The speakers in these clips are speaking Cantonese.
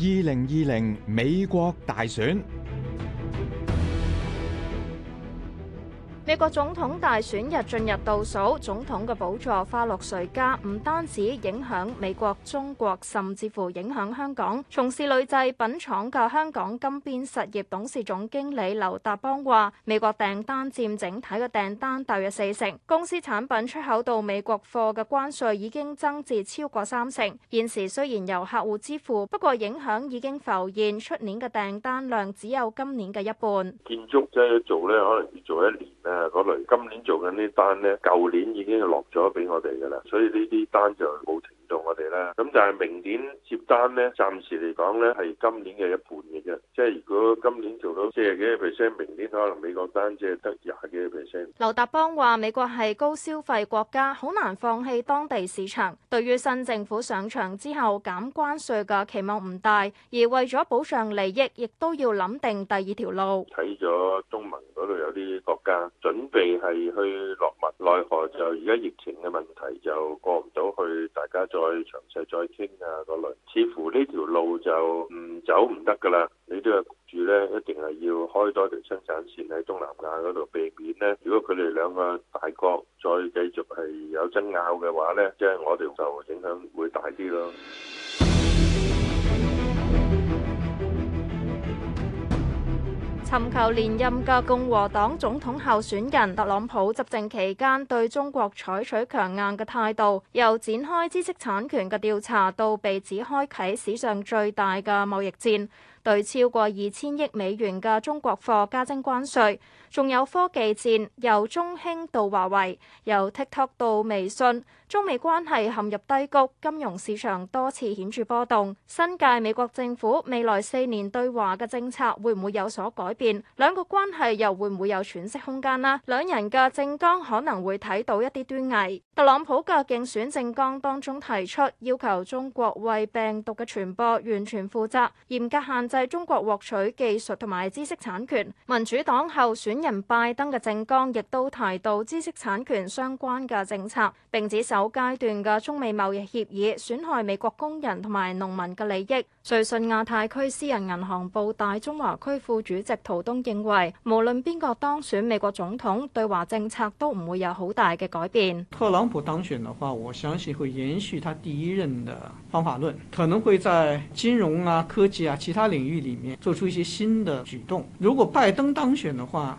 二零二零美國大選。美國總統大選日進入倒數，總統嘅寶座花落誰家，唔單止影響美國、中國，甚至乎影響香港。從事鋁製品廠嘅香港金邊實業董事總經理劉達邦話，美國訂單占整體嘅訂單大約四成，公司產品出口到美國貨嘅關稅已經增至超過三成。現時雖然由客戶支付，不過影響已經浮現，出年嘅訂單量只有今年嘅一半。建築真係做呢，可能要做一年誒嗰類，今年做緊呢單咧，舊年已經係落咗俾我哋噶啦，所以呢啲單就冇停。做我哋啦，咁但係明年接單咧，暫時嚟講咧係今年嘅一半嘅啫。即係如果今年做到四十幾 percent，明年可能美國單只係得廿幾 percent。劉達邦話：美國係高消費國家，好難放棄當地市場。對於新政府上場之後減關稅嘅期望唔大，而為咗保障利益，亦都要諗定第二條路。睇咗東盟嗰度有啲國家準備係去落墨，奈何就而家疫情嘅問題就過唔到去，大家就。再詳細再傾啊，嗰類，似乎呢條路就唔走唔得噶啦。你都係，住呢，一定係要多開多條生產線喺東南亞嗰度，避免呢。如果佢哋兩個大國再繼續係有爭拗嘅話呢，即係我哋就影響會大啲咯。尋求連任嘅共和黨總統候選人特朗普，執政期間對中國採取強硬嘅態度，由展開知識產權嘅調查到被指開啟史上最大嘅貿易戰。對超過二千億美元嘅中國貨加徵關稅，仲有科技戰，由中興到華為，由 TikTok 到微信，中美關係陷入低谷，金融市場多次顯著波動。新屆美國政府未來四年對華嘅政策會唔會有所改變？兩國關係又會唔會有喘息空間呢？兩人嘅政綱可能會睇到一啲端倪。特朗普嘅競選政綱當中提出要求中國為病毒嘅傳播完全負責，嚴格限制。喺中國獲取技術同埋知識產權，民主黨候選人拜登嘅政綱亦都提到知識產權相關嘅政策，並指首階段嘅中美貿易協議損害美國工人同埋農民嘅利益。瑞信亞太區私人銀行部大中華區副主席陶東認為，無論邊個當選美國總統，對華政策都唔會有好大嘅改變。特朗普當選嘅話，我相信會延續他第一任嘅方法論，可能會在金融啊、科技啊、其他領。領域裏面做出一些新的舉動。如果拜登當選的話。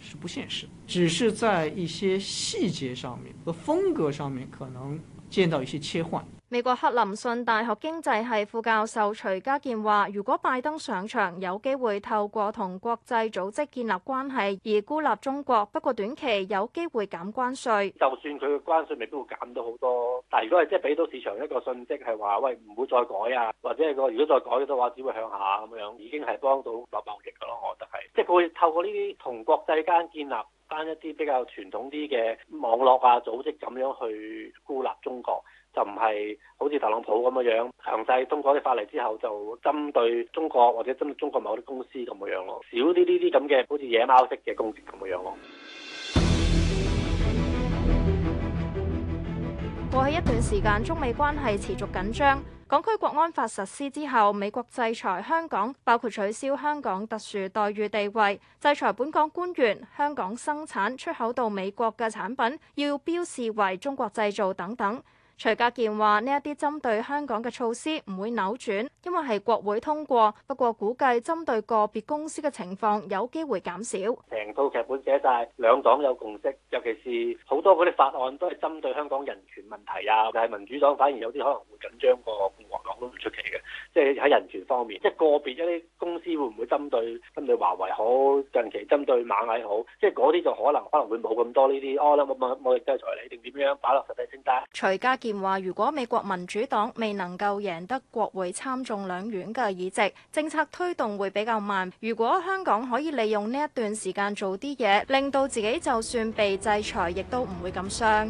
是不現實的，只是在一些細節上面和風格上面，可能見到一些切換。美國克林信大學經濟系副教授徐家健話，如果拜登上場，有機會透過同國際組織建立關係而孤立中國，不過短期有機會減關稅。就算佢嘅關稅未必會減到好多，但係如果係即係俾到市場一個訊息是說，係話喂，唔會再改啊，或者係個如果再改嘅話只會向下咁樣，已經係幫到立百億噶咯，我覺得係，即係佢會透過呢啲同國際間建立。翻一啲比較傳統啲嘅網絡啊組織咁樣去孤立中國，就唔係好似特朗普咁樣樣強制通過啲法例之後就針對中國或者針對中國某啲公司咁樣樣咯，少啲呢啲咁嘅好似野貓式嘅公司咁樣咯。過去一段時間，中美關係持續緊張。港區國安法實施之後，美國制裁香港，包括取消香港特殊待遇地位、制裁本港官員、香港生產出口到美國嘅產品要標示為“中國製造”等等。徐家健話：呢一啲針對香港嘅措施唔會扭轉，因為係國會通過。不過估計針對個別公司嘅情況有機會減少。成套劇本寫晒，兩黨有共識，尤其是好多嗰啲法案都係針對香港人權問題啊。但係民主黨反而有啲可能會緊張過共和黨都唔出奇嘅。即係喺人權方面，即係個別一啲公司會唔會針對針對華為好，近期針對螞蟻好，即係嗰啲就可能可能會冇咁多呢啲。我諗冇冇冇力制裁你，定點樣擺落實際先得。徐家健話：如果美國民主黨未能夠贏得國會參眾兩院嘅議席，政策推動會比較慢。如果香港可以利用呢一段時間做啲嘢，令到自己就算被制裁，亦都唔會咁傷。